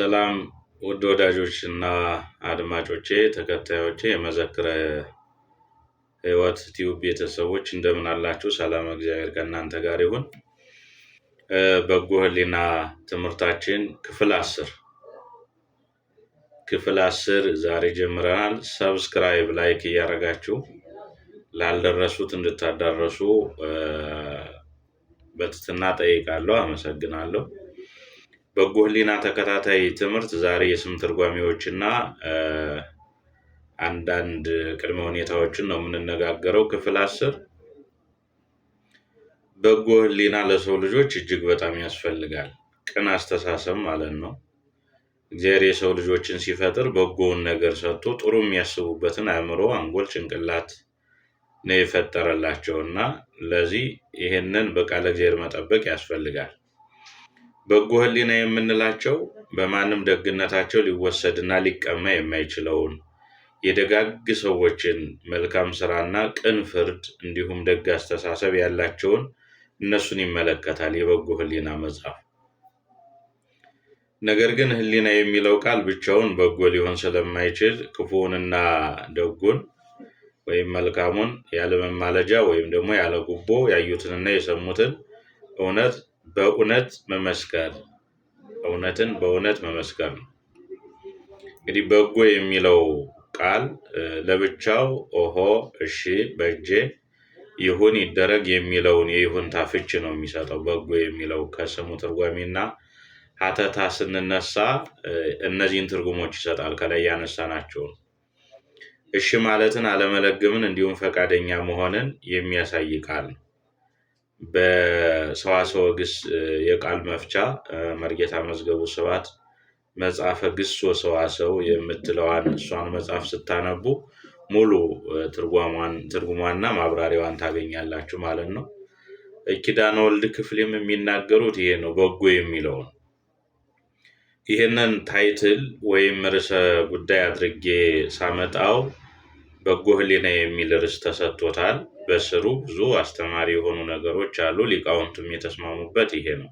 ሰላም ውድ ወዳጆች እና አድማጮቼ ተከታዮቼ የመዘክረ ህይወት ቲዩብ ቤተሰቦች እንደምን አላችሁ? ሰላም እግዚአብሔር ከእናንተ ጋር ይሁን። በጎ ህሊና ትምህርታችን ክፍል አስር ክፍል አስር ዛሬ ጀምረናል። ሰብስክራይብ ላይክ እያደረጋችሁ ላልደረሱት እንድታዳረሱ በትትና ጠይቃለሁ። አመሰግናለሁ። በጎ ህሊና ተከታታይ ትምህርት ዛሬ የስም ና አንዳንድ ቅድመ ሁኔታዎችን ነው የምንነጋገረው። ክፍል አስር በጎ ህሊና ለሰው ልጆች እጅግ በጣም ያስፈልጋል። ቅን አስተሳሰብ ማለት ነው። እግዚአብሔር የሰው ልጆችን ሲፈጥር በጎውን ነገር ሰጥቶ ጥሩ የሚያስቡበትን አእምሮ፣ አንጎል፣ ጭንቅላት ነው የፈጠረላቸው እና ለዚህ ይህንን በቃለ እግዚአብሔር መጠበቅ ያስፈልጋል። በጎ ህሊና የምንላቸው በማንም ደግነታቸው ሊወሰድና ሊቀማ የማይችለውን የደጋግ ሰዎችን መልካም ስራና ቅን ፍርድ እንዲሁም ደግ አስተሳሰብ ያላቸውን እነሱን ይመለከታል የበጎ ህሊና መጽሐፍ። ነገር ግን ህሊና የሚለው ቃል ብቻውን በጎ ሊሆን ስለማይችል ክፉውንና ደጉን ወይም መልካሙን ያለመማለጃ ወይም ደግሞ ያለ ጉቦ ያዩትንና የሰሙትን እውነት በእውነት መመስከር እውነትን በእውነት መመስከር ነው። እንግዲህ በጎ የሚለው ቃል ለብቻው ኦሆ፣ እሺ፣ በእጄ ይሁን ይደረግ የሚለውን የይሁንታ ፍች ነው የሚሰጠው። በጎ የሚለው ከስሙ ትርጓሜና ሀተታ ስንነሳ እነዚህን ትርጉሞች ይሰጣል። ከላይ ናቸው። እሺ ማለትን፣ አለመለግምን እንዲሁም ፈቃደኛ መሆንን የሚያሳይ ቃል ነው። በሰዋስወ ግስ የቃል መፍቻ መርጌታ መዝገቡ ስብሐት መጽሐፈ ግስ ወሰዋሰው የምትለዋን እሷን መጽሐፍ ስታነቡ ሙሉ ትርጉሟና ማብራሪዋን ታገኛላችሁ ማለት ነው። ኪዳነ ወልድ ክፍሌም የሚናገሩት ይሄ ነው፣ በጎ የሚለውን ይህንን ታይትል ወይም ርዕሰ ጉዳይ አድርጌ ሳመጣው በጎ ሕሊና የሚል ርዕስ ተሰጥቶታል። በስሩ ብዙ አስተማሪ የሆኑ ነገሮች አሉ። ሊቃውንትም የተስማሙበት ይሄ ነው።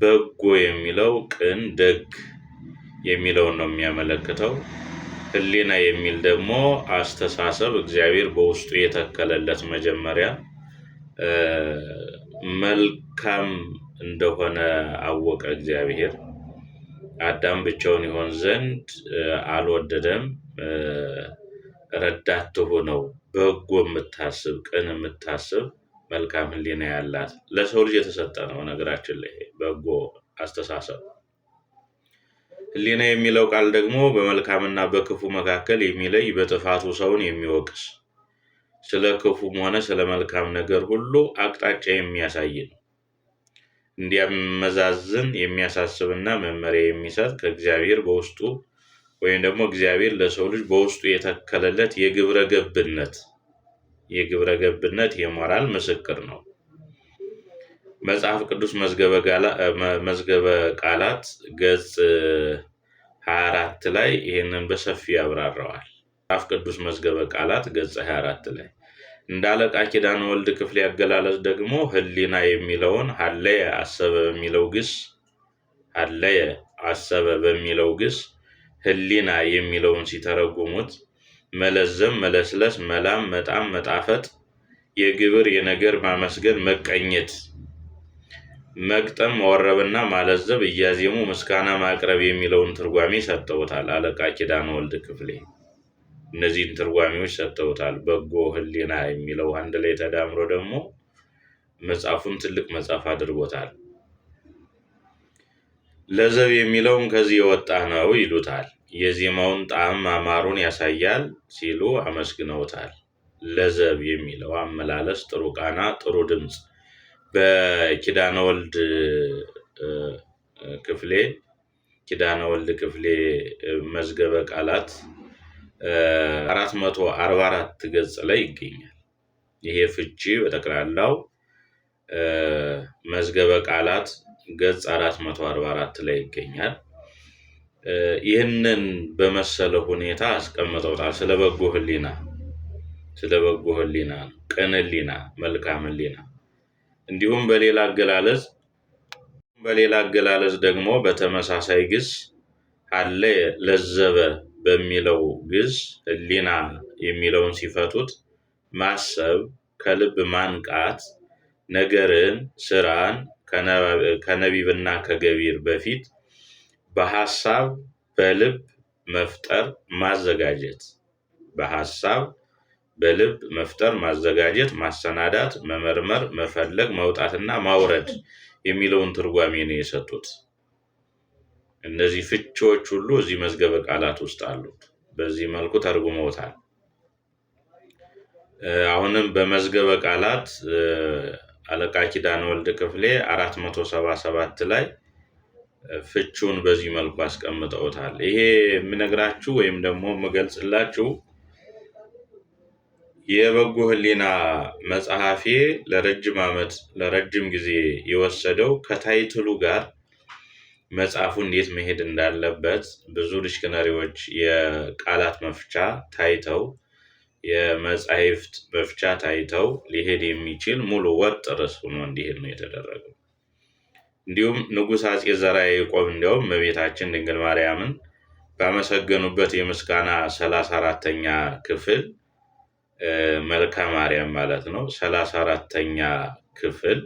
በጎ የሚለው ቅን፣ ደግ የሚለውን ነው የሚያመለክተው። ህሊና የሚል ደግሞ አስተሳሰብ እግዚአብሔር በውስጡ የተከለለት መጀመሪያ መልካም እንደሆነ አወቀ እግዚአብሔር። አዳም ብቻውን ይሆን ዘንድ አልወደደም። ረዳት ትሆነው በጎ የምታስብ ቅን የምታስብ መልካም ህሊና ያላት ለሰው ልጅ የተሰጠ ነው። ነገራችን ላይ በጎ አስተሳሰብ ህሊና የሚለው ቃል ደግሞ በመልካምና በክፉ መካከል የሚለይ በጥፋቱ ሰውን የሚወቅስ ስለ ክፉም ሆነ ስለ መልካም ነገር ሁሉ አቅጣጫ የሚያሳይ ነው። እንዲያመዛዝን የሚያሳስብና መመሪያ የሚሰጥ ከእግዚአብሔር በውስጡ ወይም ደግሞ እግዚአብሔር ለሰው ልጅ በውስጡ የተከለለት የግብረ ገብነት የግብረ ገብነት የሞራል ምስክር ነው። መጽሐፍ ቅዱስ መዝገበ ቃላት ገጽ 24 ላይ ይህንን በሰፊ ያብራራዋል። መጽሐፍ ቅዱስ መዝገበ ቃላት ገጽ 24 ላይ እንደ አለቃ ኪዳነ ወልድ ክፍሌ አገላለጽ ደግሞ ህሊና የሚለውን ሀለየ አሰበ በሚለው ግስ ሀለየ አሰበ በሚለው ግስ ህሊና የሚለውን ሲተረጉሙት መለዘም፣ መለስለስ፣ መላም፣ መጣም፣ መጣፈጥ፣ የግብር የነገር ማመስገን፣ መቀኘት፣ መቅጠም መወረብና ማለዘብ እያዜሙ ምስጋና ማቅረብ የሚለውን ትርጓሜ ሰጥተውታል። አለቃ ኪዳነ ወልድ ክፍሌ እነዚህን ትርጓሜዎች ሰጥተውታል። በጎ ህሊና የሚለው አንድ ላይ ተዳምሮ ደግሞ መጽሐፉን ትልቅ መጽሐፍ አድርጎታል። ለዘብ የሚለውን ከዚህ የወጣ ነው ይሉታል። የዜማውን ጣዕም ማማሩን ያሳያል ሲሉ አመስግነውታል። ለዘብ የሚለው አመላለስ ጥሩ ቃና፣ ጥሩ ድምፅ በኪዳነ ወልድ ክፍሌ ኪዳነ ወልድ ክፍሌ መዝገበ ቃላት 444 ገጽ ላይ ይገኛል። ይሄ ፍቺ በጠቅላላው መዝገበ ቃላት ገጽ 444 ላይ ይገኛል። ይህንን በመሰለ ሁኔታ አስቀምጠውታል። ስለ በጎ ህሊና ስለ በጎ ህሊና ቅን ህሊና፣ መልካም ህሊና እንዲሁም በሌላ አገላለጽ በሌላ አገላለጽ ደግሞ በተመሳሳይ ግስ አለ ለዘበ በሚለው ግስ ህሊና የሚለውን ሲፈቱት ማሰብ፣ ከልብ ማንቃት፣ ነገርን፣ ስራን ከነቢብና ከገቢር በፊት በሀሳብ በልብ መፍጠር ማዘጋጀት በሀሳብ በልብ መፍጠር ማዘጋጀት ማሰናዳት መመርመር መፈለግ መውጣትና ማውረድ የሚለውን ትርጓሜ ነው የሰጡት። እነዚህ ፍቺዎች ሁሉ እዚህ መዝገበ ቃላት ውስጥ አሉ። በዚህ መልኩ ተርጉመውታል። አሁንም በመዝገበ ቃላት አለቃ ኪዳነ ወልድ ክፍሌ አራት መቶ ሰባ ሰባት ላይ ፍቹን በዚህ መልኩ አስቀምጠውታል። ይሄ የምነግራችሁ ወይም ደግሞ የምገልጽላችሁ የበጎ ሕሊና መጽሐፌ ለረጅም ዓመት ለረጅም ጊዜ የወሰደው ከታይትሉ ጋር መጽሐፉ እንዴት መሄድ እንዳለበት ብዙ ዲክሽነሪዎች የቃላት መፍቻ ታይተው የመጻሕፍት መፍቻ ታይተው ሊሄድ የሚችል ሙሉ ወጥ ርዕስ ሆኖ እንዲሄድ ነው የተደረገው። እንዲሁም ንጉሥ አጼ ዘርዓ ያዕቆብ እንዲያውም እመቤታችን ድንግል ማርያምን ባመሰገኑበት የምስጋና ሰላሳ አራተኛ ክፍል መልካ ማርያም ማለት ነው። ሰላሳ አራተኛ ክፍል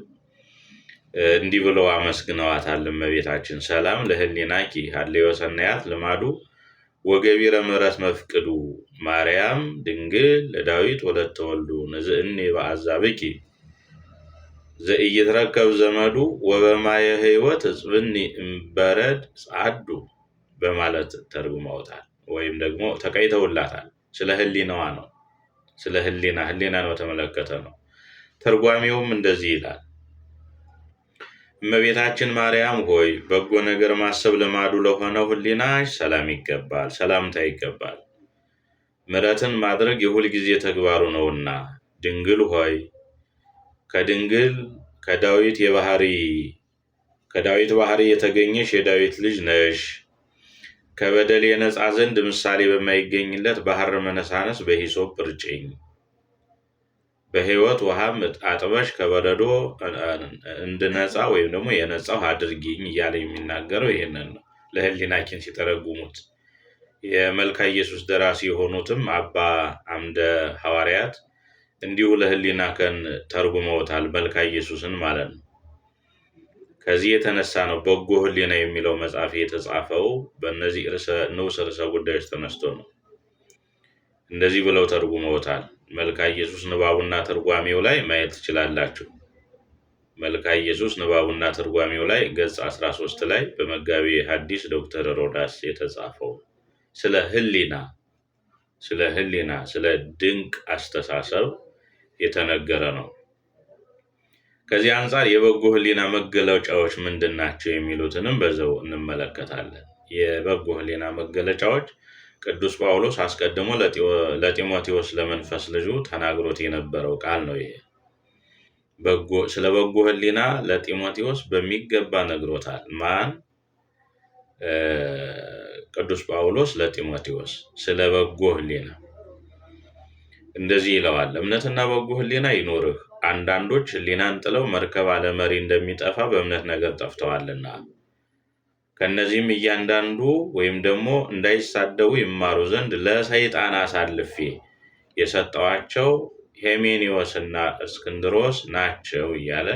እንዲህ ብለው አመስግነዋታል። እመቤታችን ሰላም ለህሊናኪ ሀሌወ ሰናያት ልማዱ ወገቢረ ምሕረት መፍቅዱ ማርያም ድንግል ለዳዊት ወለተወልዱ ንዝእኒ በአዛብኪ ዘኢይትረከብ ዘመዱ ወበማየ ህይወት እጽብኒ እምበረድ ጻዱ በማለት ተርጉመውታል። ወይም ደግሞ ተቀይተውላታል። ስለ ህሊናዋ ነው። ስለ ህሊና ህሊናን በተመለከተ ነው። ተርጓሚውም እንደዚህ ይላል። እመቤታችን ማርያም ሆይ በጎ ነገር ማሰብ ልማዱ ለሆነው ህሊናሽ ሰላም ይገባል፣ ሰላምታ ይገባል። ምሕረትን ማድረግ የሁልጊዜ ተግባሩ ነውና ድንግል ሆይ ከድንግል ከዳዊት የባህሪ ከዳዊት ባህሪ የተገኘሽ የዳዊት ልጅ ነሽ። ከበደል የነፃ ዘንድ ምሳሌ በማይገኝለት ባህር መነሳነስ በሂሶጵ እርጭኝ። በህይወት ውሃም አጥበሽ ከበረዶ እንድነፃ ወይም ደግሞ የነፃው አድርጊኝ እያለ የሚናገረው ይህንን ነው። ለሕሊናችን ሲተረጉሙት የመልካ ኢየሱስ ደራሲ የሆኑትም አባ አምደ ሐዋርያት እንዲሁ ለህሊና ከን ተርጉመውታል። መልካ ኢየሱስን ማለት ነው። ከዚህ የተነሳ ነው በጎ ህሊና የሚለው መጽሐፍ የተጻፈው በእነዚህ ንዑስ ርዕሰ ጉዳዮች ተነስቶ ነው። እንደዚህ ብለው ተርጉመውታል። መልካ ኢየሱስ ንባቡና ትርጓሜው ላይ ማየት ትችላላችሁ። መልካ ኢየሱስ ንባቡና ትርጓሜው ላይ ገጽ 13 ላይ በመጋቢ ሐዲስ ዶክተር ሮዳስ የተጻፈው ስለ ህሊና ስለ ህሊና ስለ ድንቅ አስተሳሰብ የተነገረ ነው። ከዚህ አንጻር የበጎ ህሊና መገለጫዎች ምንድን ናቸው የሚሉትንም በዛው እንመለከታለን። የበጎ ህሊና መገለጫዎች ቅዱስ ጳውሎስ አስቀድሞ ለጢሞቴዎስ ለመንፈስ ልጁ ተናግሮት የነበረው ቃል ነው። ይሄ ስለ በጎ ህሊና ለጢሞቴዎስ በሚገባ ነግሮታል። ማን? ቅዱስ ጳውሎስ ለጢሞቴዎስ ስለ በጎ ህሊና። እንደዚህ ይለዋል፣ እምነትና በጎ ህሊና ይኖርህ አንዳንዶች ህሊናን ጥለው መርከብ አለመሪ እንደሚጠፋ በእምነት ነገር ጠፍተዋልና ከእነዚህም እያንዳንዱ ወይም ደግሞ እንዳይሳደቡ ይማሩ ዘንድ ለሰይጣን አሳልፌ የሰጠዋቸው ሄሜኒዎስና እስክንድሮስ ናቸው እያለ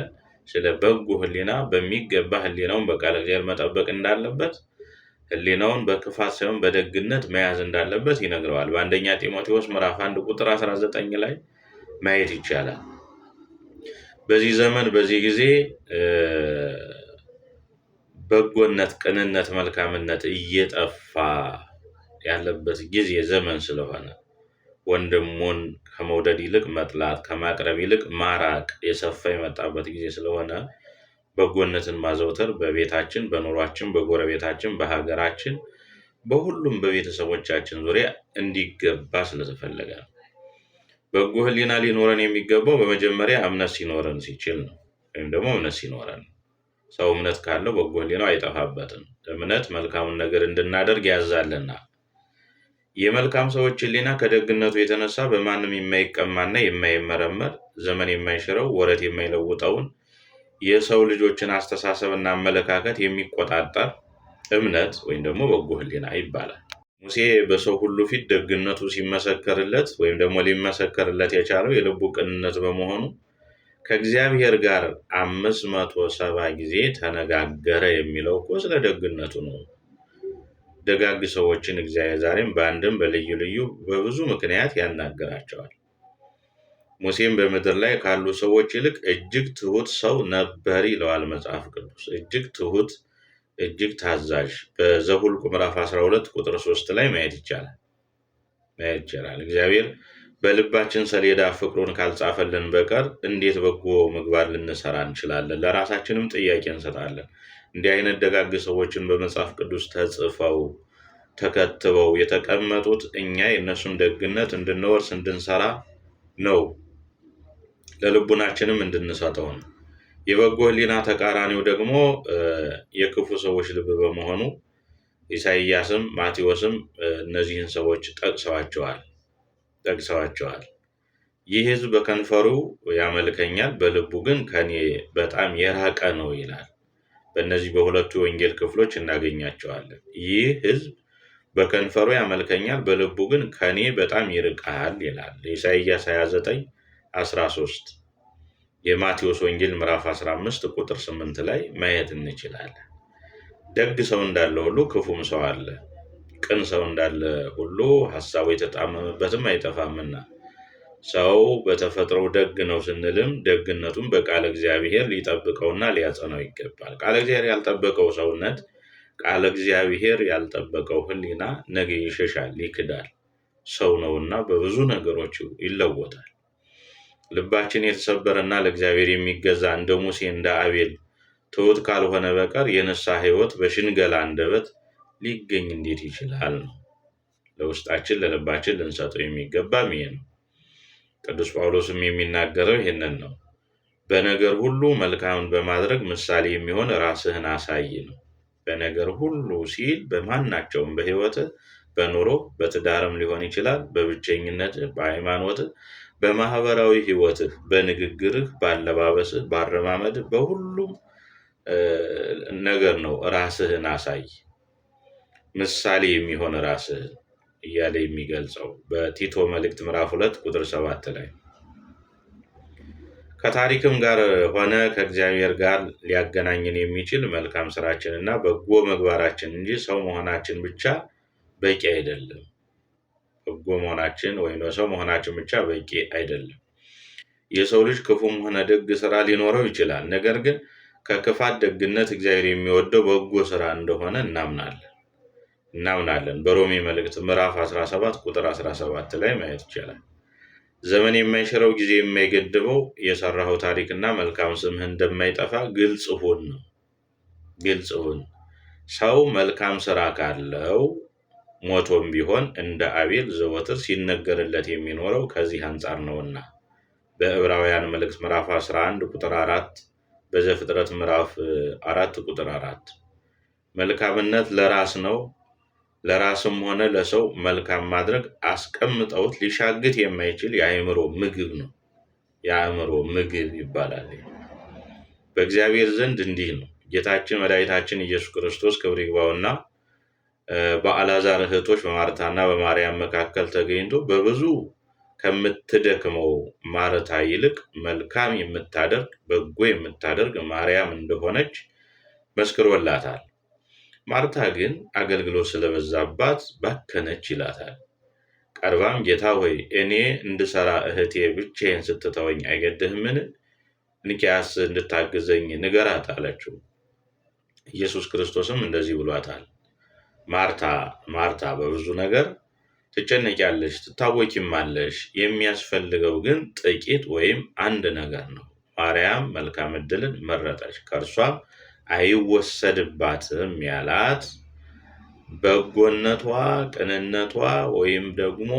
ስለ በጎ ህሊና በሚገባ ህሊናውን በቃለ እግዚአብሔር መጠበቅ እንዳለበት ህሊናውን በክፋት ሳይሆን በደግነት መያዝ እንዳለበት ይነግረዋል። በአንደኛ ጢሞቴዎስ ምዕራፍ 1 ቁጥር 19 ላይ ማየት ይቻላል። በዚህ ዘመን በዚህ ጊዜ በጎነት፣ ቅንነት፣ መልካምነት እየጠፋ ያለበት ጊዜ ዘመን ስለሆነ ወንድሙን ከመውደድ ይልቅ መጥላት፣ ከማቅረብ ይልቅ ማራቅ የሰፋ የመጣበት ጊዜ ስለሆነ በጎነትን ማዘውተር በቤታችን፣ በኑሯችን፣ በጎረቤታችን፣ በሀገራችን፣ በሁሉም በቤተሰቦቻችን ዙሪያ እንዲገባ ስለተፈለገ ነው። በጎ ሕሊና ሊኖረን የሚገባው በመጀመሪያ እምነት ሲኖረን ሲችል ነው። ወይም ደግሞ እምነት ሲኖረን ሰው እምነት ካለው በጎ ሕሊናው አይጠፋበትም። እምነት መልካሙን ነገር እንድናደርግ ያዛልና የመልካም ሰዎች ሕሊና ከደግነቱ የተነሳ በማንም የማይቀማና የማይመረመር ዘመን የማይሽረው ወረት የማይለውጠውን የሰው ልጆችን አስተሳሰብና አመለካከት የሚቆጣጠር እምነት ወይም ደግሞ በጎ ህሊና ይባላል። ሙሴ በሰው ሁሉ ፊት ደግነቱ ሲመሰከርለት ወይም ደግሞ ሊመሰከርለት የቻለው የልቡ ቅንነት በመሆኑ ከእግዚአብሔር ጋር አምስት መቶ ሰባ ጊዜ ተነጋገረ የሚለው እኮ ስለ ደግነቱ ነው። ደጋግ ሰዎችን እግዚአብሔር ዛሬም በአንድም በልዩ ልዩ በብዙ ምክንያት ያናግራቸዋል። ሙሴም በምድር ላይ ካሉ ሰዎች ይልቅ እጅግ ትሁት ሰው ነበር ይለዋል መጽሐፍ ቅዱስ። እጅግ ትሁት እጅግ ታዛዥ በዘሁልቁ ምዕራፍ 12 ቁጥር 3 ላይ ማየት ይቻላል ማየት ይቻላል። እግዚአብሔር በልባችን ሰሌዳ ፍቅሩን ካልጻፈልን በቀር እንዴት በጎ ምግባር ልንሰራ እንችላለን? ለራሳችንም ጥያቄ እንሰጣለን። እንዲህ አይነት ደጋግ ሰዎችን በመጽሐፍ ቅዱስ ተጽፈው ተከትበው የተቀመጡት እኛ የእነሱን ደግነት እንድንወርስ እንድንሰራ ነው። ለልቡናችንም እንድንሰጠው ነው። የበጎ ህሊና ተቃራኒው ደግሞ የክፉ ሰዎች ልብ በመሆኑ ኢሳይያስም ማቴዎስም እነዚህን ሰዎች ጠቅሰዋቸዋል ጠቅሰዋቸዋል። ይህ ህዝብ በከንፈሩ ያመልከኛል፣ በልቡ ግን ከኔ በጣም የራቀ ነው ይላል። በእነዚህ በሁለቱ የወንጌል ክፍሎች እናገኛቸዋለን። ይህ ህዝብ በከንፈሩ ያመልከኛል፣ በልቡ ግን ከኔ በጣም ይርቃል ይላል ኢሳይያስ 29 13 የማቴዎስ ወንጌል ምዕራፍ 15 ቁጥር 8 ላይ ማየት እንችላለን። ደግ ሰው እንዳለ ሁሉ ክፉም ሰው አለ፣ ቅን ሰው እንዳለ ሁሉ ሀሳቡ የተጣመመበትም አይጠፋምና ሰው በተፈጥሮ ደግ ነው ስንልም ደግነቱን በቃለ እግዚአብሔር ሊጠብቀውና ሊያጸነው ይገባል። ቃለ እግዚአብሔር ያልጠበቀው ሰውነት፣ ቃለ እግዚአብሔር ያልጠበቀው ሕሊና ነገ ይሸሻል፣ ይክዳል። ሰው ነውና በብዙ ነገሮች ይለወጣል። ልባችን የተሰበረና ለእግዚአብሔር የሚገዛ እንደ ሙሴ እንደ አቤል ትሑት ካልሆነ በቀር የንስሐ ሕይወት በሽንገላ አንደበት ሊገኝ እንዴት ይችላል ነው። ለውስጣችን ለልባችን ልንሰጠው የሚገባም ይሄ ነው። ቅዱስ ጳውሎስም የሚናገረው ይህንን ነው። በነገር ሁሉ መልካምን በማድረግ ምሳሌ የሚሆን ራስህን አሳይ ነው። በነገር ሁሉ ሲል በማናቸውም በህይወትህ፣ በኑሮ፣ በትዳርም ሊሆን ይችላል፣ በብቸኝነት፣ በሃይማኖት በማህበራዊ ህይወትህ፣ በንግግርህ፣ በአለባበስህ፣ በአረማመድህ በሁሉም ነገር ነው ራስህን አሳይ። ምሳሌ የሚሆን ራስህን እያለ የሚገልጸው በቲቶ መልእክት ምዕራፍ ሁለት ቁጥር ሰባት ላይ ከታሪክም ጋር ሆነ ከእግዚአብሔር ጋር ሊያገናኝን የሚችል መልካም ስራችንና በጎ ምግባራችን እንጂ ሰው መሆናችን ብቻ በቂ አይደለም። በጎ መሆናችን ወይም ሰው መሆናችን ብቻ በቂ አይደለም። የሰው ልጅ ክፉም ሆነ ደግ ስራ ሊኖረው ይችላል። ነገር ግን ከክፋት ደግነት እግዚአብሔር የሚወደው በጎ ስራ እንደሆነ እናምናለን እናምናለን በሮሜ መልእክት ምዕራፍ 17 ቁጥር 17 ላይ ማየት ይቻላል። ዘመን የማይሽረው ጊዜ የማይገድበው የሰራኸው ታሪክና መልካም ስምህ እንደማይጠፋ ግልጽ ሁን ነው። ግልጽ ሁን። ሰው መልካም ስራ ካለው ሞቶም ቢሆን እንደ አቤል ዘወትር ሲነገርለት የሚኖረው ከዚህ አንጻር ነውና በዕብራውያን መልእክት ምዕራፍ 11 ቁጥር 4 በዘፍጥረት ምዕራፍ 4 ቁጥር 4 መልካምነት ለራስ ነው፣ ለራስም ሆነ ለሰው መልካም ማድረግ አስቀምጠውት ሊሻግት የማይችል የአእምሮ ምግብ ነው። የአእምሮ ምግብ ይባላል። በእግዚአብሔር ዘንድ እንዲህ ነው። ጌታችን መድኃኒታችን ኢየሱስ ክርስቶስ ክብር ይግባውና በአላዛር እህቶች በማርታና በማርያም መካከል ተገኝቶ በብዙ ከምትደክመው ማርታ ይልቅ መልካም የምታደርግ በጎ የምታደርግ ማርያም እንደሆነች መስክሮላታል። ማርታ ግን አገልግሎት ስለበዛባት ባከነች ይላታል። ቀርባም ጌታ ሆይ እኔ እንድሰራ እህቴ ብቻዬን ስትተወኝ አይገድህምን? እንኪያስ እንድታግዘኝ ንገራት አለችው። ኢየሱስ ክርስቶስም እንደዚህ ብሏታል ማርታ ማርታ በብዙ ነገር ትጨነቂያለሽ፣ ትታወቂማለሽ። የሚያስፈልገው ግን ጥቂት ወይም አንድ ነገር ነው። ማርያም መልካም እድልን መረጠች፣ ከእርሷም አይወሰድባትም ያላት በጎነቷ፣ ቅንነቷ ወይም ደግሞ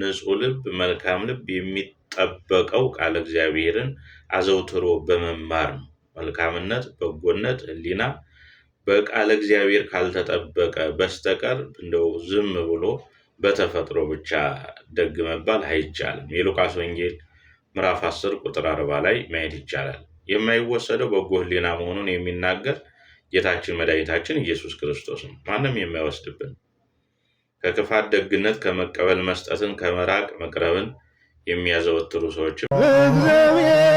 ንጹሕ ልብ፣ መልካም ልብ የሚጠበቀው ቃለ እግዚአብሔርን አዘውትሮ በመማር ነው። መልካምነት፣ በጎነት፣ ህሊና። በቃለ እግዚአብሔር ካልተጠበቀ በስተቀር እንደው ዝም ብሎ በተፈጥሮ ብቻ ደግ መባል አይቻልም። የሉቃስ ወንጌል ምዕራፍ 10 ቁጥር 40 ላይ ማየት ይቻላል። የማይወሰደው በጎ ሕሊና መሆኑን የሚናገር ጌታችን መድኃኒታችን ኢየሱስ ክርስቶስ ነው። ማንም የማይወስድብን ከክፋት ደግነት፣ ከመቀበል መስጠትን፣ ከመራቅ መቅረብን የሚያዘወትሩ ሰዎችም